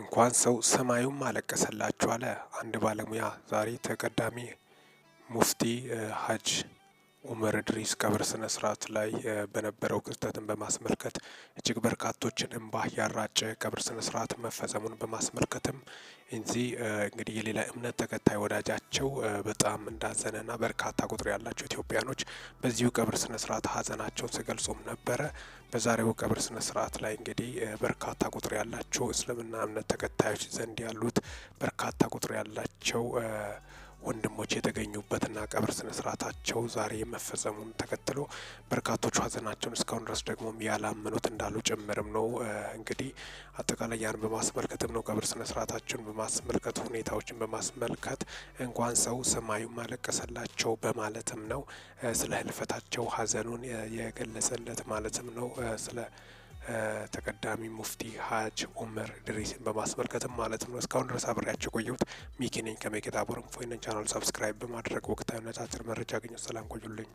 እንኳን ሰው ሰማዩም አለቀሰላችሁ አለ አንድ ባለሙያ ዛሬ ተቀዳሚ ሙፍቲ ሀጅ ኡመር ድሪስ ቀብር ስነ ስርዓት ላይ በነበረው ክስተትን በማስመልከት እጅግ በርካቶችን እንባ ያራጨ ቀብር ስነ ስርዓት መፈጸሙን በማስመልከትም እዚህ እንግዲህ የሌላ እምነት ተከታይ ወዳጃቸው በጣም እንዳዘነና በርካታ ቁጥር ያላቸው ኢትዮጵያኖች በዚሁ ቀብር ስነ ስርዓት ሀዘናቸውን ሲገልጹም ነበረ። በዛሬው ቀብር ስነ ስርዓት ላይ እንግዲህ በርካታ ቁጥር ያላቸው እስልምና እምነት ተከታዮች ዘንድ ያሉት በርካታ ቁጥር ያላቸው ወንድሞች የተገኙበትና ቀብር ስነስርዓታቸው ዛሬ መፈጸሙን ተከትሎ በርካቶቹ ሀዘናቸውን እስካሁን ድረስ ደግሞ ያላመኑት እንዳሉ ጭምርም ነው። እንግዲህ አጠቃላይ ያን በማስመልከትም ነው ቀብር ስነስርዓታቸውን በማስመልከት ሁኔታዎችን በማስመልከት እንኳን ሰው ሰማዩ ማለቀሰላቸው በማለትም ነው ስለ ህልፈታቸው ሀዘኑን የገለጸለት ማለትም ነው ስለ ተቀዳሚ ሙፍቲ ሀጅ ኡመር ድሪስን በማስመልከትም ማለት ነው። እስካሁን ድረስ አብሬያቸው ቆየሁት። ሚኪ ነኝ ከሜጌታ ቦረንፎይነን ቻናል ሰብስክራይብ በማድረግ ወቅታዊነት አጭር መረጃ አገኘው። ሰላም ቆዩልኝ።